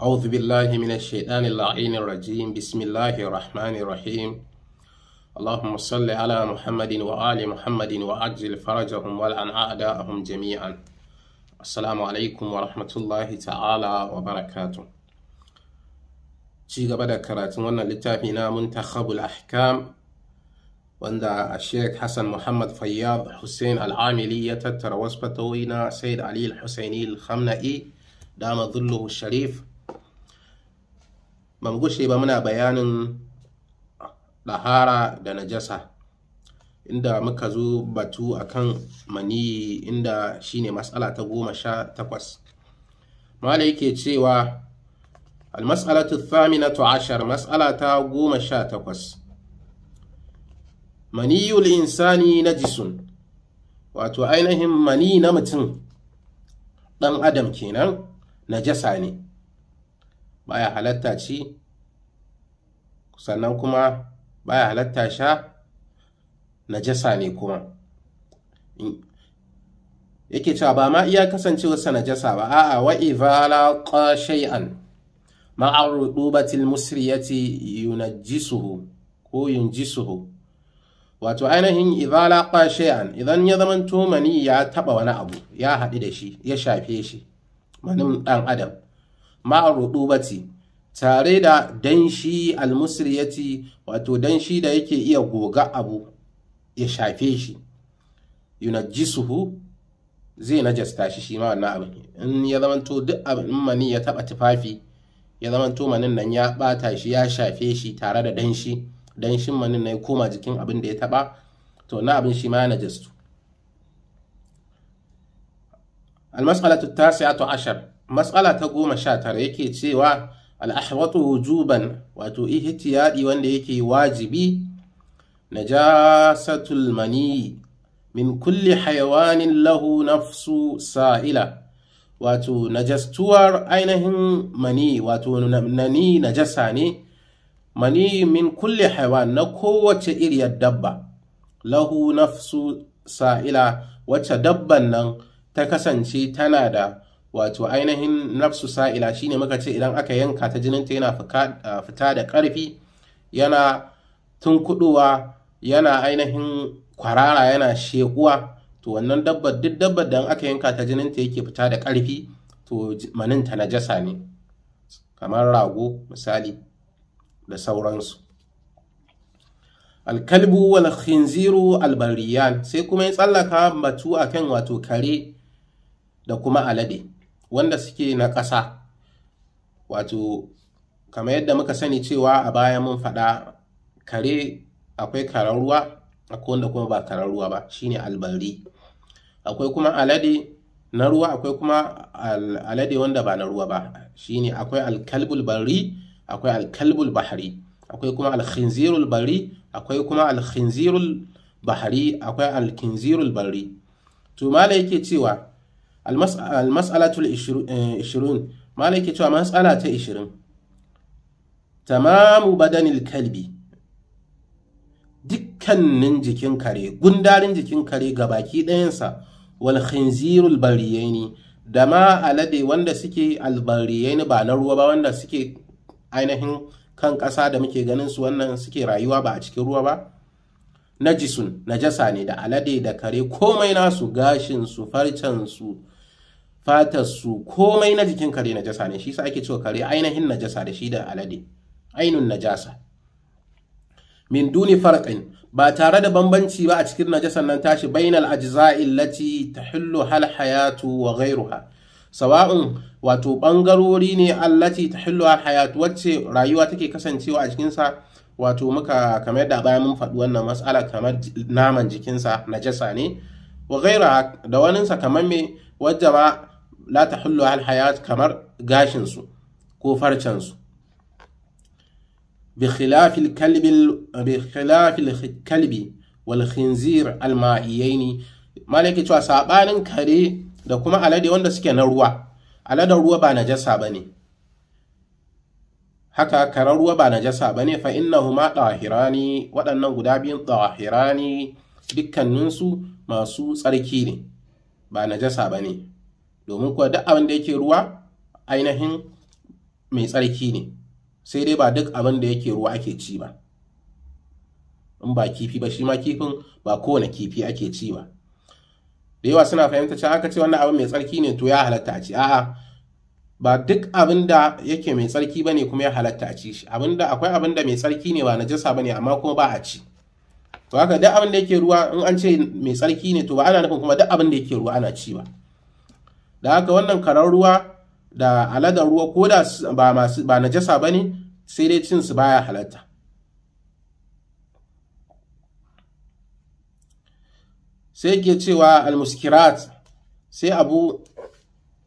أعوذ بالله من الشيطان اللعين الرجيم بسم الله الرحمن الرحيم اللهم صل على محمد وآل محمد وعجل فرجهم والعن أعداءهم جميعا السلام عليكم ورحمة الله تعالى وبركاته ci gaba da karatun wannan littafi na muntakhabul ahkam wanda a sheikh hassan muhammad fayyad hussein al'amili ya tattara wasu fatawoyi na said ali al-husaini dama sharif ba mu gushe ba muna bayanin ɗahara da najasa inda muka zo batu akan mani, inda shine matsala ta goma sha takwas mala yake cewa almas'alatu na ashar mas'ala ta goma sha takwas Mani maniyul insani najisun wato ainihin mani na mutum ɗan adam kenan na jasa ne baya halatta ci sannan kuma baya halatta sha najasa ne kuma yake cewa ba ma iya kasancewarsa najasa ba a'a wa ivala qa ma ma'a musriyati yunajjisuhu ko yunjisuhu wato ainihin ivala qa idan ya zamanto tumani ya taba wani abu ya haɗu da shi ya shafe shi manin dan adam ma'arudubati tare da danshi almusriyati wato danshi da yake iya goga abu ya shafe shi yunajjisuhu zai najasta shi shi ma wannan abin in ya zamanto duk abin mani ya taba tufafi ya zamanto manin nan ya bata shi ya shafe shi tare da danshi danshin manin nan ya koma jikin abin da ya taba to na abin shi ma ya najastu المسألة التاسعة عشر matsala ta goma sha tara yake cewa al'ahwatu wujuban wato ihtiyadi wanda yake wajibi najasatul mani min kulli hayawanin lahu nafsu sa'ila wato najastuwar ainihin mani wato nani najasa ne mani min kulli hayawan na kowace iriyar dabba lahu nafsu sa'ila wacce dabban nan ta kasance tana da wato ainihin nafsu sa'ila shine muka ce idan aka yanka ta jininta yana fita da ƙarfi yana tunkuɗuwa yana ainihin kwarara yana shekuwa to wannan dabbar duk dabbar da aka yanka ta jininta yake fita da ƙarfi to maninta na jasa ne kamar rago misali da sauransu alkalbu wal khinziru albariyan sai kuma ya tsallaka batu akan wato kare da kuma alade wanda suke na ƙasa wato kamar yadda muka sani cewa a baya mun faɗa kare akwai karar ruwa akwai wanda kuma ba karar ruwa ba shine albari akwai kuma alade na ruwa akwai kuma alade wanda ba na ruwa ba shine akwai alkalbul bari akwai alkalbul bahari akwai kuma alkhinzirul bari akwai kuma alkhinzirul bahari akwai alkinzirul bari to mala yake cewa almas'alatul eh, ishirin malai ke cewa mas'ala ta ishirin tamamu badanil kalbi dukkanin jikin kare gundarin jikin kare ga baki ɗayansa wal khinzirul bariyaini da ma alade wanda suke albariyaini ba na ruwa ba wanda suke ainihin kan ƙasa da muke ganin su wannan suke rayuwa ba a cikin ruwa ba najisun najasa ne da alade da kare komai nasu gashin su farcen su su komai na jikin kare najasa ne shi sa ake cewa kare ainihin najasa da shi da alade ainun najasa min duni farqin ba tare da bambanci ba a cikin najasan nan tashi bainal ajza'i allati tahillu hal hayatu wa ghayruha sawa'un wato bangarori ne allati tahillu hal hayatu wacce rayuwa take kasancewa a cikin sa wato muka kamar da bayan mun faɗi wannan matsala kamar naman jikinsa najasa ne wa gaira da waninsa kamar me wajaba la tahullu al hayat kamar gashin su ko farcen su bi khilafil kalbi bi khilafil kalbi wal khinzir al ma'iyaini sabanin kare da kuma alade wanda suke na ruwa aladen ruwa ba najasa bane haka karar ruwa ba najasa bane fa innahuma tahirani waɗannan guda biyun tahirani dukkaninsu masu tsarki ne ba najasa bane domin kuwa duk abin da yake ruwa ainihin mai tsarki ne sai dai ba duk abin da yake ruwa ake ci ba in ba kifi ba shi ma kifin ba kowane kifi ake ci ba da yawa suna fahimta cewa aka ce wannan abin mai tsarki ne to ya halatta a ci a'a ba duk abin da yake mai tsarki bane kuma ya halatta a ci shi abin da akwai abin da mai tsarki ne ba na ba bane amma kuma ba a ci to haka duk abin da yake ruwa in an ce mai tsarki ne to ba ana nufin kuma duk abin da yake ruwa ana ci ba da haka wannan karar ruwa da aladar ruwa ko da ba na jasa ba ne sai dai cinsu su baya halatta sai ke cewa almuskirat sai abu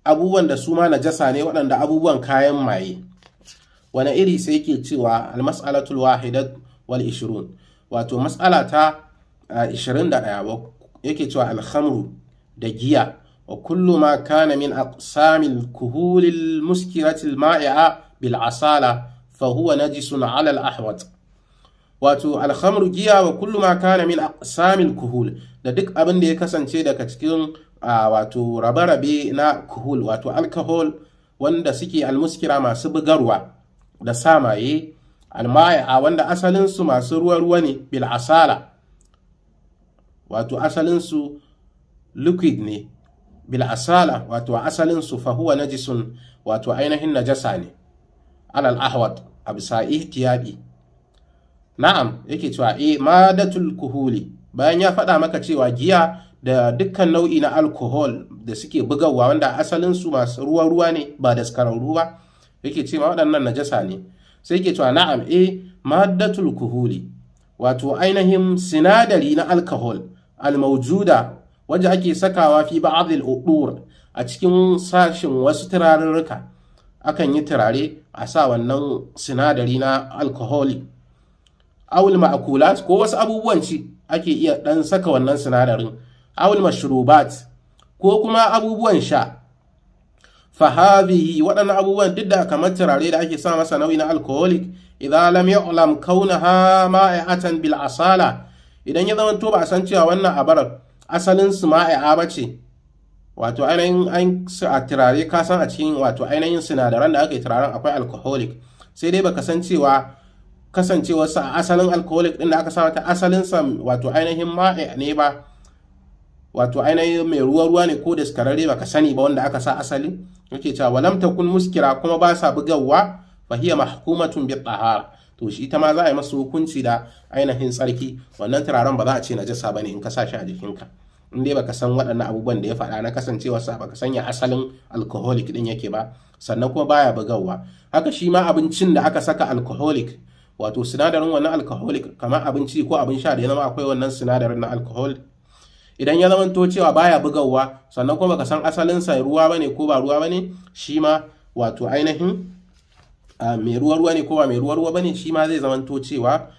abubuwan da su ma na jasa ne waɗanda abubuwan kayan maye wani iri sai ke cewa almas'alatul wahidat wal ishirun wato mas'ala ta 21 yake cewa alhamru da giya وكل ما كان من أقسام الكهول المسكرة المائعة بالعصالة فهو نجس على الأحوط wato alhamru giya wa kullu ma kana min aqsamil kuhul da duk abin da ya kasance daga cikin wato rabe-rabe na kuhul wato alkahol wanda suke almuskira masu bugarwa da samaye alma'a wanda asalinsu masu ruwa-ruwa ne bil wato asalinsu liquid ne bil asala wato asalin su fa huwa najisun wato ainihin najasa ne alal ahwat a bisa ihtiyabi na'am yake cewa e madatul kuhuli bayan ya faɗa maka cewa giya da dukkan nau'i na alkohol da suke bugawa wanda asalin su masu ruwa ruwa ne ba da skararru ba yake cewa waɗannan najasa ne sai yake cewa na'am e eh, madatul kuhuli wato ainihin sinadari na alkohol almaujuda waje ake sakawa fi ba'adil a cikin sashin wasu turarurruka akan yi turare a sa wannan sinadari na alkoholi awul ma'akulat ko wasu abubuwan ci ake iya dan saka wannan sinadarin awul mashrubat ko kuma abubuwan sha fahabihi waɗannan abubuwan duk da kamar turare da ake sa masa nauyi na alkoholik idan lam ya'lam kaunaha bil asala idan ya zama to ba a san cewa wannan abarar asalin su ma'a ba ce wato ainihin an su a turare ka a cikin wato ainihin sinadaran da aka yi turaren akwai alcoholic sai dai baka san cewa kasancewarsa a asalin alcoholic ɗin da aka sa ta asalin sa wato ainihin ma'a ne ba wato ainihin mai ruwa ruwa ne ko daskararre baka sani ba wanda aka sa asali yake cewa walam takun muskira kuma ba sa bugawa fa hiya mahkumatun bi tahara to shi ita ma za a yi masu hukunci da ainihin tsarki wannan turaren ba za a ce na jasa ba ne in ka sa shi a jikinka in dai baka san waɗannan abubuwan da ya faɗa na kasancewarsa baka sanya asalin alcoholic din yake ba sannan kuma baya bugawa haka shi ma abincin da aka saka alcoholic wato sinadarin wannan alcoholic kamar abinci ko abin sha da ya zama akwai wannan sinadarin na alcohol idan ya zama to cewa baya bugawa sannan kuma baka san asalinsa ruwa bane ko ba ruwa bane shi ma wato ainihin mai ruwa ruwa ne ko ba mai ruwa ruwa bane shi ma zai zamanto cewa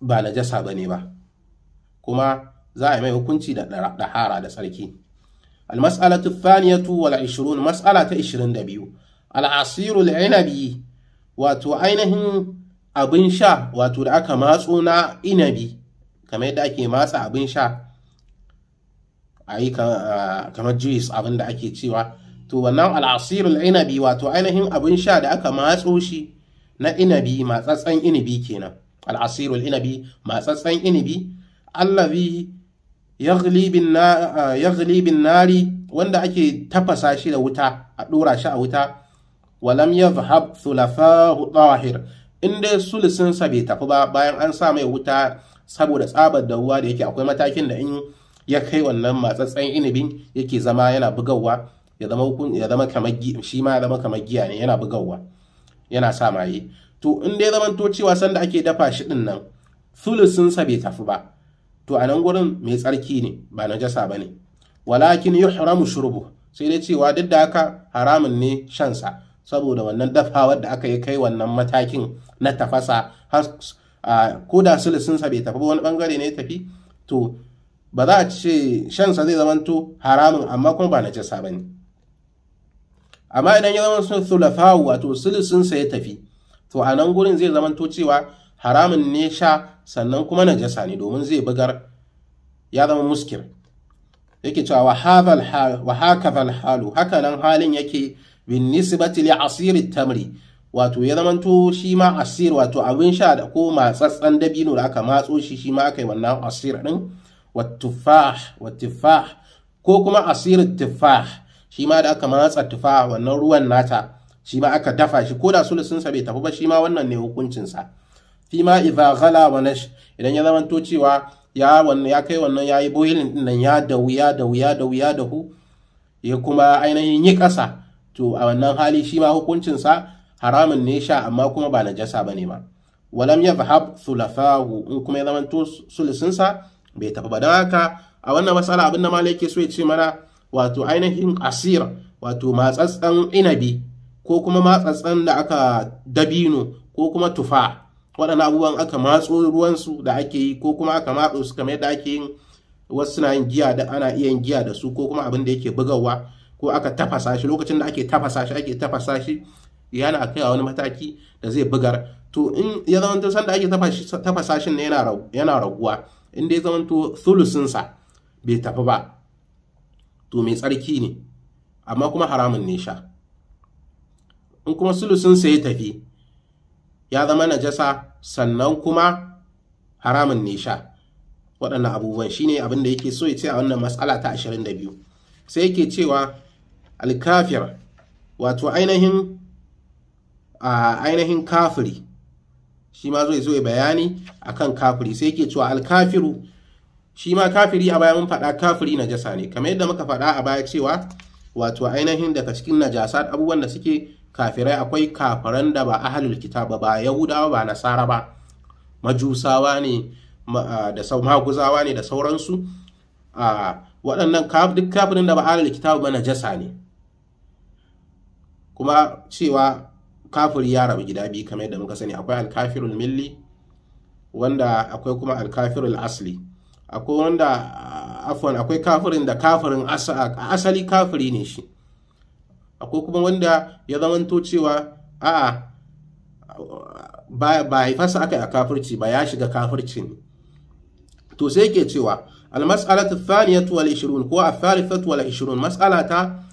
ba najasa bane ba kuma za a yi mai hukunci da ɗahara da tsarki almas'alatu thaniyatu wal 20 mas'ala ta 22 al'asiru inabi wato ainihin abin sha wato da aka matso na inabi kamar yadda ake matsa abin sha a yi kamar juice abin da ake cewa to wannan al'asirul inabi wato ainihin abin sha da aka matso shi na inabi matsatsan inabi kenan al'asirul inabi matsatsan inabi allazi yaghli bin nari wanda ake tafasa shi da wuta a dora shi a wuta walam yadhhab thulathahu tahir in dai sulisinsa bai tafi ba bayan an sa mai wuta saboda tsabar da ruwa da yake akwai matakin da in ya kai wannan matsatsan inabin yake zama yana bugawa ya zama hukun ya zama kamar shi ma ya zama kamar giya ne yana bugawa yana sa maye to in dai zaman to cewa sanda ake dafa shi din nan thulusin sa bai tafi ba to a nan gurin mai tsarki ne ba najasa ba ne walakin yuhramu shurbu sai dai cewa duk da haka haramun ne shan sa saboda wannan dafawar da aka yi kai wannan matakin na tafasa har ko da sulusin sa bai tafi ba wani bangare ne ya tafi to ba za a ce shansa zai zamanto haramun amma kuma ba na jasa bane. amma idan ya zama sun sulafa wato sa ya tafi to a nan gurin zai zama to cewa haramun ne sha sannan kuma najasa ne domin zai bugar ya zama muskir yake cewa wa hakazal halu haka nan halin yake bin nisbati li asiri tamri wato ya zama to shi ma asir wato abin sha da ko matsatsan dabino da aka matso shi shi ma aka yi wannan asir din wa tufah wa ko kuma asir tufah shi ma da aka matsa tufa wannan ruwan nata shi ma aka dafa shi ko da sa bai tafi ba shi ma wannan ne hukuncinsa fi ma idza ghala wa nash idan ya zamanto cewa ya wannan ya kai wannan yayi boiling din nan ya dawu ya dawu ya dawu ya dahu ya kuma ainihin yi ƙasa to a wannan hali shi ma hukuncinsa haramun ne sha amma kuma ba najasa bane ma walam yadhhab thulathahu in kuma ya zamanto sa? bai tafi ba Dan haka a wannan matsala abin da yake so ya ce mana wato ainihin asir wato matsatsan inabi ko kuma matsatsan da aka dabino ko kuma tufa waɗannan abubuwan aka matso ruwansu da ake yi ko kuma aka matso su kamar yadda ake yin wasu suna yin giya da ana iya yin giya da su ko kuma abin da yake bugawa ko aka tafasa shi lokacin da ake tafasa shi ake tafasa shi yana kai a wani mataki da zai bugar to in ya san sanda ake tafasa shi ne yana raguwa in dai zamanto thulusinsa bai tafi ba to mai tsarki ne amma kuma haramun ne sha in kuma sulusun sai tafi ya zama najasa sannan kuma haramun ne sha waɗannan abubuwan shine abin da yake so ya ce a wannan matsala ta 22 sai yake cewa alkafir wato ainihin a ainihin kafiri shi ma zai zo ya bayani akan kafiri sai yake cewa alkafiru shi ma kafiri a baya mun faɗa kafiri najasa ne kamar yadda muka faɗa a baya cewa wato ainihin daga cikin najasat abubuwan da suke kafirai akwai kafiran da ba ahalul kitaba ba yahudawa ba nasara ba majusawa ne da maguzawa ne da sauransu a waɗannan duk kafirin da ba ahalul kitaba ba najasa ne kuma cewa kafiri ya rabu gida biyu kamar yadda muka sani akwai alkafirul milli wanda akwai kuma alkafirul asli akwai wanda afwan akwai kafirin da kafirin asali kafiri ne shi akwai kuma wanda ya to cewa a'a ba haifarsa aka yi a kafirci ba ya shiga kafirci ne to sai ke cewa almas'alatu thaniyatu wal 20 ko athalithatu wal 20 mas'ala ta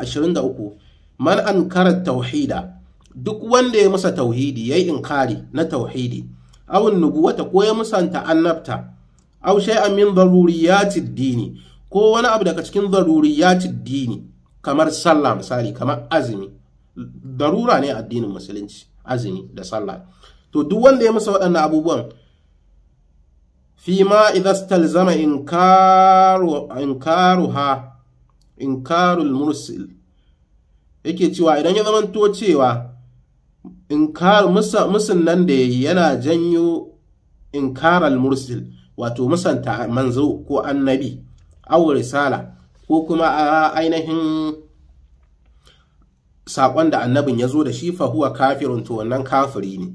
23 man ankara tauhida duk wanda ya musa tauhidi yayi inkari na tauhidi awun nubuwata ko ya musanta annabta aw amin min daruriyati dini ko wani abu daga cikin daruriyati dini kamar sallah misali kamar azumi darura ne addinin musulunci azumi da sallah to duk wanda ya masa waɗannan abubuwan fi ma idza stalzama inkaru in inkarul mursil yake cewa idan ya zamanto cewa inkar musun nan da yayi yana janyo inkaral mursil wato musanta manzo ko annabi awu risala ko kuma a ainihin saƙon da annabin ya zo da shi fa huwa kafirun to wannan kafiri ne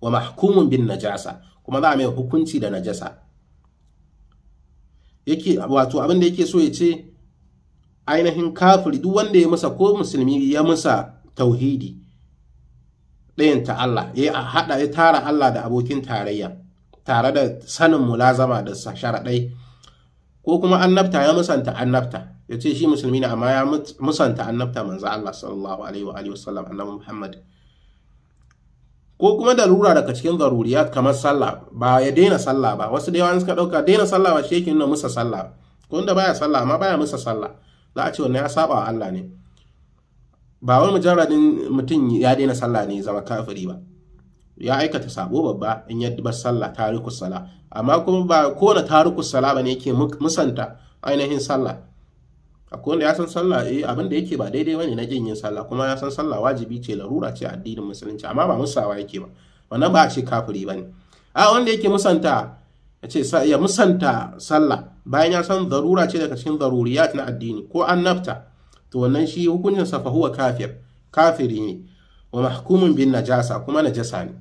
wa mahkumun bin najasa kuma za a mai hukunci da najasa yake wato abin da yake so ya ce ainihin kafiri duk wanda ya musa ko musulmi ya musa tauhidi ɗayan ta Allah ya haɗa ya tara Allah da abokin tarayya tare da sanin mulazama da sharaɗai ko kuma annabta ya musanta annabta ya ce shi musulmi ne amma ya musanta annabta manzo Allah sallallahu alaihi wa alihi wasallam annabi Muhammad ko kuma da lura daga cikin zaruriyat kamar sallah ba ya daina sallah ba wasu da yawa suka dauka daina sallah ba shi yake nuna musa sallah ko wanda baya sallah amma baya musa sallah za a ce wannan ya saba wa Allah ne ba wani mujarradin mutum ya daina sallah ne zama kafiri ba ya aikata sabo babba in ya bar sallah tariku sala amma kuma ba kowane tariku sala ne yake musanta ainihin sallah akwai wanda ya san sallah eh abin da yake ba daidai bane na jin yin sallah kuma ya san sallah wajibi ce larura ce addinin musulunci amma ba musawa yake ba wannan ba a ce kafiri bane a wanda yake musanta ya ce ya musanta sallah bayan ya san zarura ce daga cikin zaruriyat na addini ko annabta to wannan shi hukuncin sa huwa kafir kafiri ne wa mahkumun bin najasa kuma najasa ne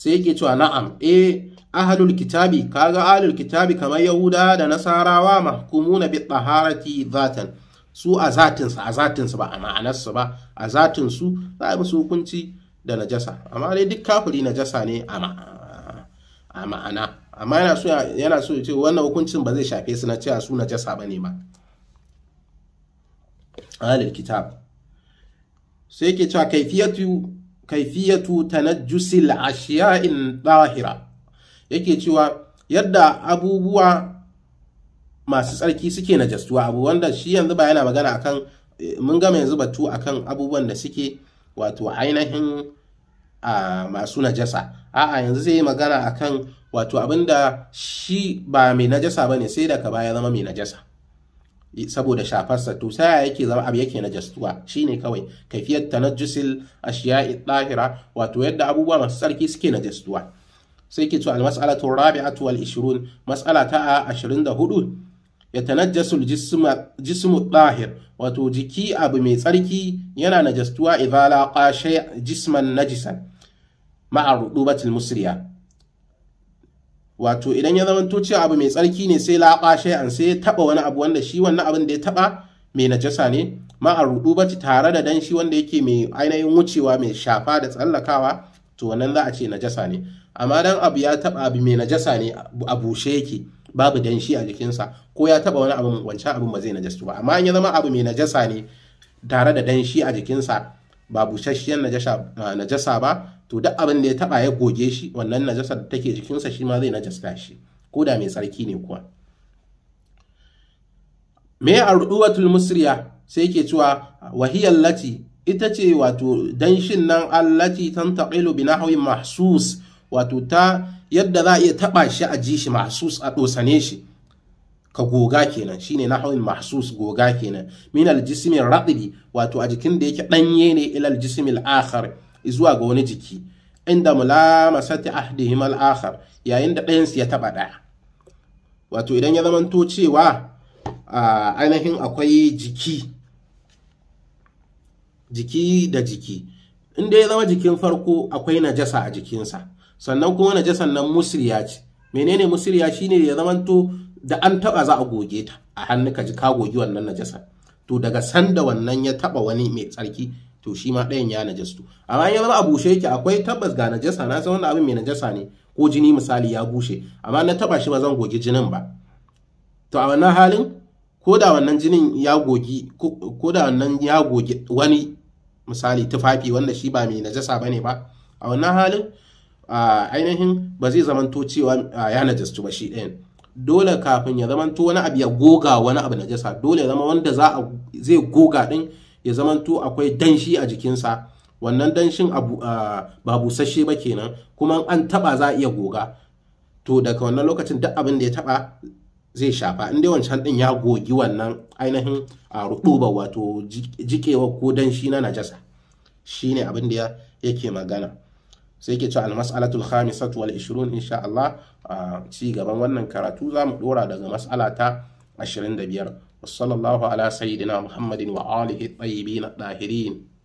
sai yake cewa na'am e eh, ahalul kitabi kaga ahalul kitabi kamar yahuda da nasarawa na bi taharati zatan su a zatinsu a zatinsu ba a ma'anarsu ba a zatinsu za a musu hukunci da najasa amma dai duk kafuri najasa ne a ma'ana amma yana so yana so ce wannan hukuncin ba zai shafe su na cewa su najasa ne ba ahalul kitab sai ke cewa kaifiyatu kaifiyatu tanajjusil ashiya'in dahira yake cewa yadda abubuwa masu tsarki suke najastuwa abu wanda shi yanzu ba yana magana akan eh, mun gama yanzu batu akan abubuwan da suke wato ainihin a masu najasa a'a yanzu zai yi magana akan wato abinda shi ba mai najasa bane sai daga baya zama mai najasa saboda shafarsa to saya yake zama abu yake na jastuwa shine kawai kaifiyar tanajjusil ashiya'i ɗahira wato yadda abubuwa masu tsarki suke na jastuwa sai ke cewa al-mas'alatu rabi'atu wal 20 mas'ala ta 24 ya al-jismu ɗahir wato jiki abu mai tsarki yana najastuwa idza laqa shay'an jisman najisan ma'a rudubatil musriya wato idan ya zamanto cewa abu mai tsarki ne sai shi an sai ya taɓa wani abu wanda shi wannan abin da ya taɓa mai najasa ne ma a ruɗu tare da dan shi wanda yake mai ainihin wucewa mai shafa da tsallakawa to wannan za a ce najasa ne amma dan abu ya taɓa abu mai najasa ne a bushe yake babu dan shi a jikinsa ko ya taɓa wani abu wancan abin ba zai najasu ba amma in ya zama abu mai najasa ne tare da dan shi a jikinsa ba busasshen najasa ba to duk abin da ya taba ya goge shi wannan najasar da take jikinsa shi ma zai najasta shi ko da mai tsarki ne kuwa me arduwatul musriya sai yake cewa wahiyar lati ita ce wato danshin nan allati tantaqilu bi yin mahsus wato ta yadda za a iya taɓa shi a ji shi mahsus a dosane shi ka goga kenan shine nahwin mahsus goga kenan min al jismi wato a jikin da yake ɗanye ne ila al jismi zuwa ga wani jiki inda mulamasati ahdihim al-akhar yayin da ɗayansu ya taɓa ɗaya wato idan ya zamanto cewa ainihin akwai jiki jiki da jiki inda ya zama jikin farko akwai najasa a jikinsa sannan kuma najasan nan musriya ce menene musriya ne ya zamanto da an taɓa za a goge ta a hannuka ka ji ka gogi wannan najasa to daga sanda wannan ya taɓa wani mai tsarki to shi ma ɗayan ya to amma in zama a bushe yake akwai tabbas ga najasa na san wannan abin mai najasa ne ko jini misali ya bushe amma na taba shi ba zan goge jinin ba to a wannan halin ko da wannan jinin ya gogi ko da wannan ya gogi wani misali tufafi wanda shi ba mai najasa bane ba a wannan halin ainihin ba zai zamanto cewa ya najastu ba shi ɗayan dole kafin ya to wani abu ya goga wani abu najasa dole ya zama wanda za a zai goga ɗin ya zamanto akwai danshi a jikinsa wannan danshin ba busasshe ba kenan kuma an taba za a iya goga to daga wannan lokacin duk abin da ya taba zai shafa inda wancan din ya gogi wannan ainihin a ruɗuba wato jikewa ko danshi na najasa shine abin da yake magana sai ke ci almas'alatul khamisat wal 20 insha Allah ci gaban wannan karatu za mu dora daga mas'ala ta 25 وصلى الله على سيدنا محمد وآله الطيبين الطاهرين